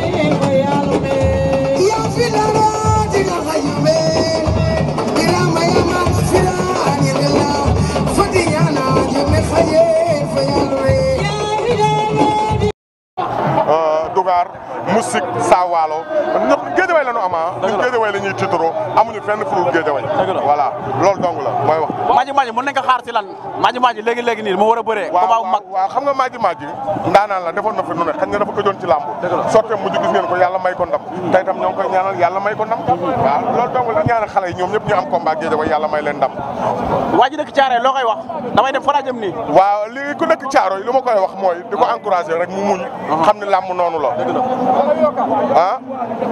Yeah, I feel like ama ñun géejawaay la ñuy tiitaroo amuñu fenn furul géejawaay voilà loolu dong la mooy wax maaji maaji mën nañ ko xaar ci lan maaji maaji léegi léegi mu war a waaw xam nga maaji maaji ndaanaan la defoon na fi nu ne xañ dafa tëjoon ci làmb sorte mujj gis ngeen ko yàlla may ko ndam tey tam ñoo ngi koy may ko ndam waaw loolu dong la ñaanal xale yi ñoom ñëpp ñu am combat géejawaay yàlla may leen ndam waa ji caaro yi lu ma wax mooy ah. Ah. la ah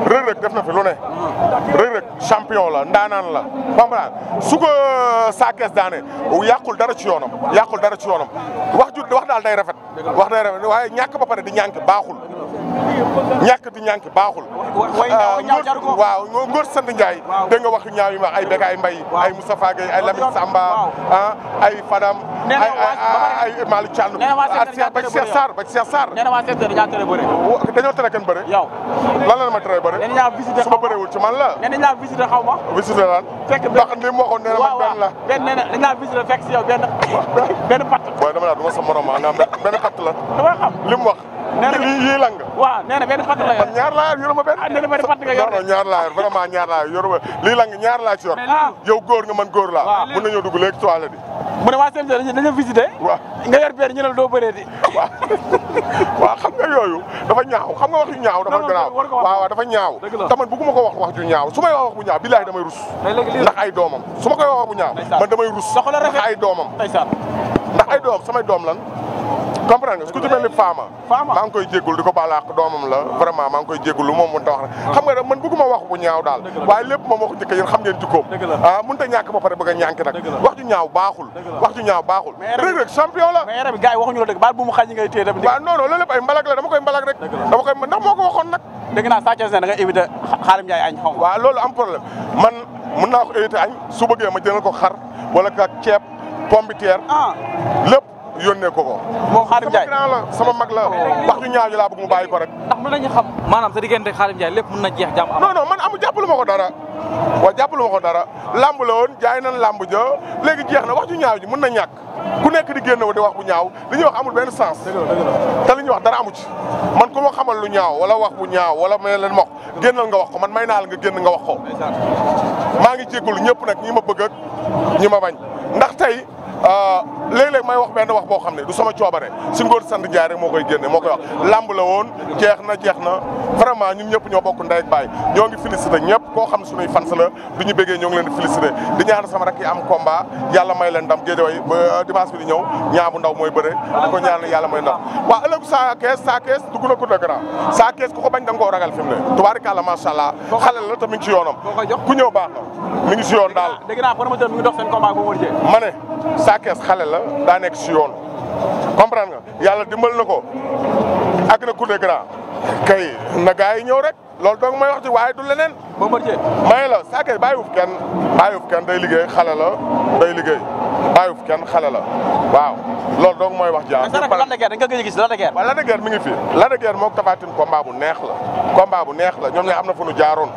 rëg rëg def na ne Reug Reug champion la ndaanaan la comprendre su ko euh, Sa Thiès daane yàqul dara ci yoonam yàqul dara ci yoonam wax ju wax daal day rafet wax day rafet waaye ñàkk ba pare di ñànk baaxul ñàkk di ñànk baaxul euh, waaw Ngor sant Ndiaye dégg nga wax ñaaw yi ma ay Bécaye Mbaye ay Moustapha Gueye ay Lamine Samba ah ay Fadam ay Malick Thiandou ba ci Cheikh Sarr ba ci Cheikh Sarr dañoo tere kenn bëre lan la ma tere bëre ma bëriwul ci man la. mais dañ laa visité xaw ma. visité lan. fekk benn ndax li mu waxoon nee na man benn la. benn nee na dañ laa visité fekk si yow benn benn patt. la du ma morom ah naam benn patt la. li mu wax. nee na lii yii lang. waaw nee na benn patt la yor ñaar laa yor yoruma benn. ah nee na benn yor non non ñaar laa yor vraiment ñaar yor yoruma lii lang ñaar laa ci yor. yow góor nga man góor laa. waaw mën nañoo dugg léegi toilette bi mu ne waa CNG dañuy dañoo visité. waaw nga yor peer ñu ne la doo bëree di. waaw waaw xam nga yooyu dafa ñaaw xam nga wax yu ñaaw. dafa gaaw waaw waaw dafa ñaaw. dëgg la tamit bëgguma ko wax wax ju ñaaw su may wax wax bu ñaaw billaahi damay rus. ndax ay doomam su koy wax bu ñaaw. man damay rus ndax ay doomam. ndax ay doom samay doom lan. comprendre nga ku ci mel ni Fama. Fama ngi koy jégalu di ko baal ak doomam la vraiment maa ngi koy jégalu moom mënut a wax man bëgguma wax bu ñaaw daal waaye lépp moom waxu njëkk yéen xam ngeen jikkoom ah mënu ta ñàkk ba pare bëgg a ñànk nag wax ñaaw baaxul wax ñaaw baaxul Reug Reug la mais yaram gars yi waxuñu la dëgg baal mu xañ ngay téye tamit waaw non non ndax moo ko nag dégg naa Sa ne da nga éviter xaalim Njaay añ xaw waaw am problème man mën naa ko añ su ma jënal ko xar wala ka ceeb pomme de yónnee ko ko. moom Xaadim Ndiaye sama mag la wax ju ñaaw ñu laa bëgg mu bàyyi ko rek. ndax mën nañu xam maanaam sa diggante Xaadim Ndiaye lépp mën na jeex jàmm. non non man amu jàppalu ma ko dara waaw jàppalu ma ko dara làmb la woon jaay nañ làmb ja léegi jeex na wax ju ñaaw ji mën na ñàkk ku nekk di génn di wax bu ñaaw li ñuy wax amul benn sens. te li ñuy wax dara amu ci man ku ma xamal lu ñaaw wala wax bu ñaaw wala ma leen wax génnal nga wax ko man may naa la nga génn nga wax ko maa ngi jégalu ñëpp nag ñi ma bëgg ak ñi ma bañ ndax tey sama coobare si ngóor sant jaay rek moo koy génne moo koy wax lamb la woon jeex na jeex na vraiment ñun ñëpp ñoo bokk ndey ak baay ñoo ngi félicité ñëpp koo xam suñuy fans la ñu béggee ñoo ngi leen di félicité di ñaan sama rak yi am combat yàlla may leen ndam géejaway ba euh, dimanche bi di ñëw ñaabu ndaw mooy bëre di ko ñaan yàlla may ndam waaw ëllëg sa kees sa kees dugg na ko de grand sa kees ku ko bañ da nga koo ragal fi mu ne tubaarikàlla macha allah xale la te si yoonam ku ñëw baax na mi ngi la daa nekk si yoon comprendre nga yàlla dimbal na ko ak na coup de kay na gars yi ñëw rek loolu donc may wax ci waaye du leneen. Bombardier may la saa kay bàyyiwuf kenn bàyyiwuf kenn day liggéey xale la day liggéey. bàyyiwuf kenn xale la waaw loolu donc mooy wax ji ah. mais Lac de Guiers dañ ko gëj a gis Lac de Guiers. waaw Lac de Guiers mi ngi fi Lac de Guiers moog Tapha Tine combat bu neex la combat bu ñoom ñoo na fu ñu jaaroon.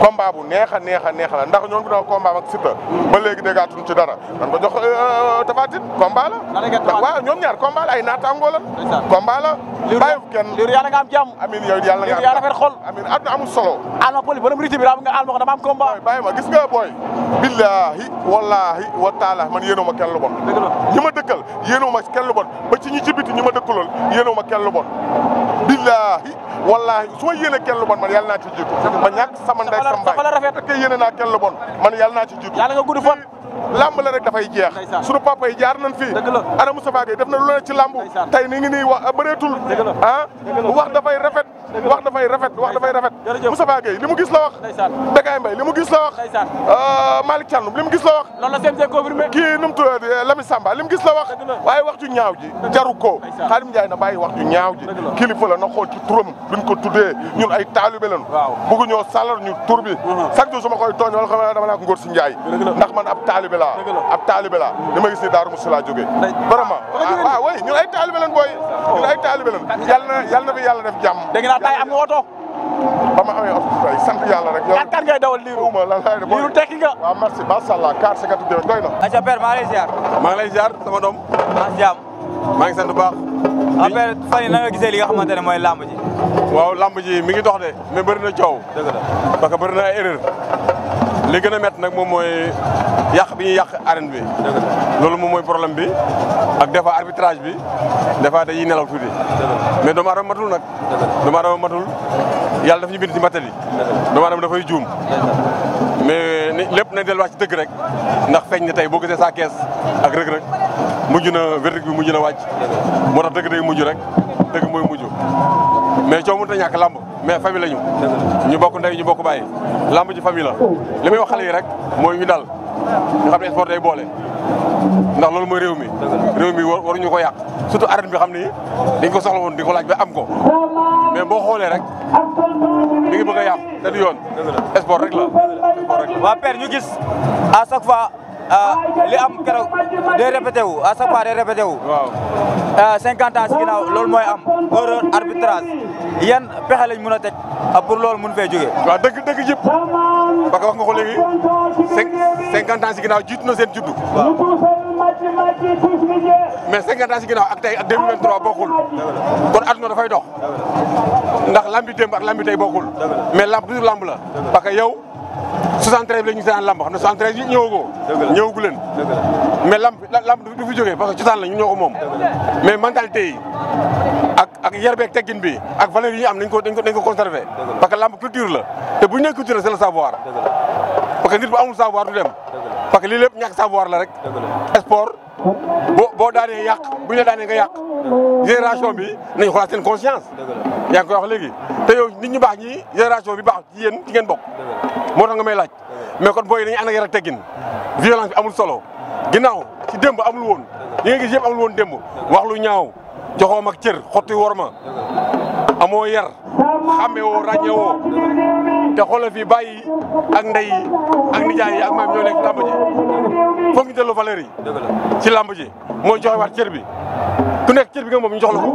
a neex a neex la ndax ñoo ngi doon combat ak Siteu ba léegi déggaatuñ ci dara dañ ko jox euh, euh, Tapha Tine combat la. ndax waaw ñoom ñaar combat la ay naataangoo la. combat la bàyyiwuf kenn. liir yàlla nga am jàmm. amiin yow yàlla nga am jàmm liir yàlla rafet xol. amiin àdduna amul solo. alma poli borom riti bi raam nga alma wa taala man yéenuma kenn lu bon ñi ma dëkkal yéenuma kenn lu bon ba ci ñi ci biti ñi ma dëkkalool yéenuma kenn lu bon billaahi wallaahi su ma yéene kenn lu bon man yàlla naa ci jiitu ma ñàkk sama ndey sama baay te naa kenn lu bon man yàlla naa ci jiitu yàlla nga gudd fan lamb la rek dafay jeex suñu papa yi jaar nañ fii ana Moustapha Gueye def na lu ne ci lamb tey ni ngi nii ah? wax bëreetul ah dafay rafet wax dafay rafet wax dafay rafet Moustapha Gueye li mu gis la wax Dagaay Mbaye li mu gis la wax ah, Malick Thiandoum li mu gis la wax loolu la CNG confirmé kii nu mu eh, Samba li mu gis la wax waaye wax ju ñaaw ji jaru ko Khadim Ndiaye na bàyyi wax ju ñaaw ji kilifa la na xool ci turam duñ ko tuddee ñun ay taalibe lañu bëggu ñoo sàllar ñu tur bi chaque jour su ma koy tooñ wala xam dama naa ko ngóor si ndax man ab taalibe laa ab taalibe laa li ma gis ni daaru musi laa jógee vraiment waaw way ah, ah, ñun ay taalibe lañu ñun ay taalibe lañu yàlla na yàlla na fi yàlla def jàmm dégg naa tay am nga oto ba ma amee oto tay sant yàlla rek kat kat ngay dawal liiru ma lan laay liiru tekki nga waaw merci macha allah maa ngi lay ziar maa ngi lay ziar baax affaire fan yi na nga gisee li nga xamante ne mooy làmb waaw lamb ji mi ngi dox de mais bëri na coow. dëgg la parce que bëri na ay erreur li nag moom mooy yàq bi ñuy yàq arène bi. loolu moom mooy problème bi ak des fois arbitrage bi des fois dañuy nelaw tuuti. mais doomu aadama matul nag. doomu aadama matul yàlla daf ñu bind ci matal yi. doomu aadama dafay juum. mais lépp nañ delluwaat ci dëgg rek ndax feeñ ne tey boo gisee saa kees ak rëg-rëg mujj na verdict bi mujj na wàcc. moo tax dëgg day mujj rek dëgg mooy mujj. mais coow mënut a ñàkk lamb mais famille la ñu. ñu bokk ndey ñu bokk bàyyi lamb ci famille la. li may wax xale yi rek mooy ñu dal ñu xam ne sport day boole ndax loolu mooy réew mi. réew mi waruñu ko yàq surtout arène bi xam ni dañ ko soxla woon di ko laaj be am ko mais boo xoolee rek. mi ngi bëgg a yàqu te du yoon. sport rek la sport rek ñu gis à chaque fois. Ah, li am keroog day répété wu à chaque fois day répété wu. Ah, si ginnaaw loolu mooy am erreur arbitrage yan pexe lañ mun a teg ah, pour loolu mun fee jógee. waaw dëgg dëgg yëpp parce wax nga ko léegi cinq 50 ans si ginnaaw jiitu na seen juddu. mais 50 ans si ginnaaw ak tey ak 2023 bokkul. kon adduna dafay dox. ndax lambi démb ak lambi tey bokkul. mais lamb toujours lamb la parce que yow. 73 la ñu seetaan lamb xam ne 73 yi ñëwagoo. ñëwagu leen. lamb lamb du fi jógee parce que cosaan la ñu ñoo ko moom. mais mentalité yi ak ak yar beeg teggin bi ak valeur yi am dañ ko dañ ko dañ ko parce que lamb culture la te bu ñu nee culture la c'est le parce que nit bu amul savoir du dem. parce que lii lépp ñàkk savoir la rek. sport boo daanee yàq bu génération bi nañu xoolaat seen conscience. yaa ngi koy wax léegi te yow nit ñu baax ñi génération bi baax ci yéen ci ngeen bokk. moo tax nga may laaj. mais kon booy yi dañuy ànd ak yar ak teggin. violence bi amul solo. ginnaaw ci démb amul woon. yi nga gis yëpp amul woon démb. wax lu ñaaw joxoom ak cër xotti wor ma. amoo yar xàmme woo ràññee woo te xoolal fii bàyyi ak ndey yi ak nijaay yi ak maam ñoo nekk làmb ji foog ñu delloo valeur ci làmb ji mooy joxe waat cër bi. ku nekk cër bi nga moom ñu jox la ko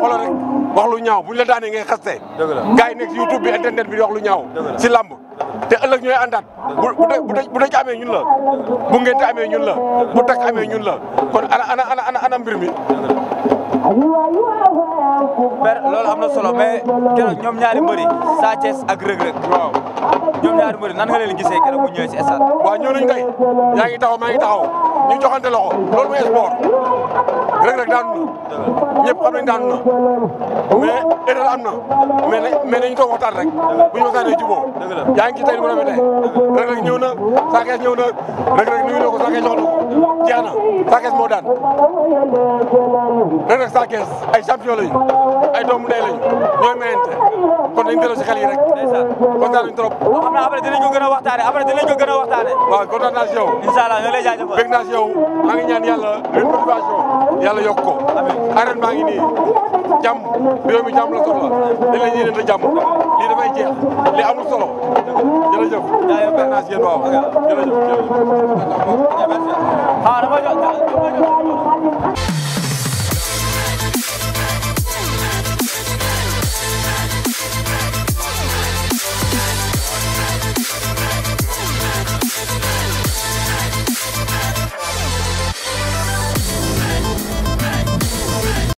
xoolal rek wax lu ñaaw buñ la daanee ngay xaste gars yi nekk si youtube bi internet bi di wax lu ñaaw si làmb te ëllëg ñooy ñu bu bu daj amee ñun la bu ngente amee ñun la bu takk amee ñun la kon ana ana ana ana mbir mi mais loolu am na solo mais ñoom ñaari mbëri Sa Thiès ak Reug Reug waaw ñoom ñaari mbir nan nga leen gisee keroog bu ñëwee si stade waaw ñëw nañu tey yaa ngi taxaw maa ngi taxaw ñu joxante loxo loolu mooy sport Reug Reug daanu na ñëpp xam nañ daanu na mais erreur am na mais mais nañu toog waxtaan rek bu ñu waxtaanee jubóo yaa ngi ci tey lu mu rafetee Reug Reug ñëw na Sa Thiès ñëw na Reug Reug nuyu na ko Sa Thiès jox na ko jeex na Sa Thiès moo daan Reug Reug Sa Thiès ay champion lañu ay doomu ndey lañu ñooy mayante kon dañu delloo si xel yi rek. ndeysaan kontaan nañu trop. xam naa après dinañ ko gën a waxtaane après dinañ ko gën a waxtaane. waaw kontaan naa si yow. incha allah ñoo lay jaajëfal bëgg naa si yow maa ngi ñaan yàlla une motivation yàlla yokk ko. amiin arène maa ngi nii jàmm réew mi jàmm la soxla dañ la ñuy def jàmm. day jeex li amul solo jërëjëf. jaayee benn as yéen waaw jërëjëf jërëjëf.